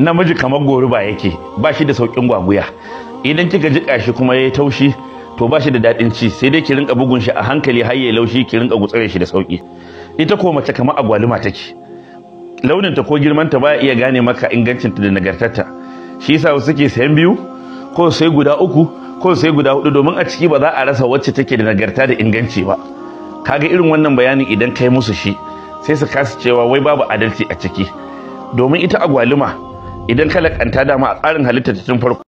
namiji kamar goruba yake ba shi da saukin gwaguya idan kika ji shi kuma ya yi taushi to ba shi da daɗin ci sai dai ki rinka bugun shi a hankali har yayi laushi ki rinka gutsare shi da sauki ita ko mace kamar agwaluma take launin ta ko girman ta ba iya gane maka ingancin ta da nagartarta shi yasa wasu suke sayan biyu ko sai guda uku ko sai guda hudu domin a ciki ba za a rasa wacce take da nagarta da inganci ba kaga irin wannan bayanin idan kai musu shi sai su kasa cewa wai babu adalci a ciki domin ita agwaluma idan kalakanta dama a tsarin halitta tun farko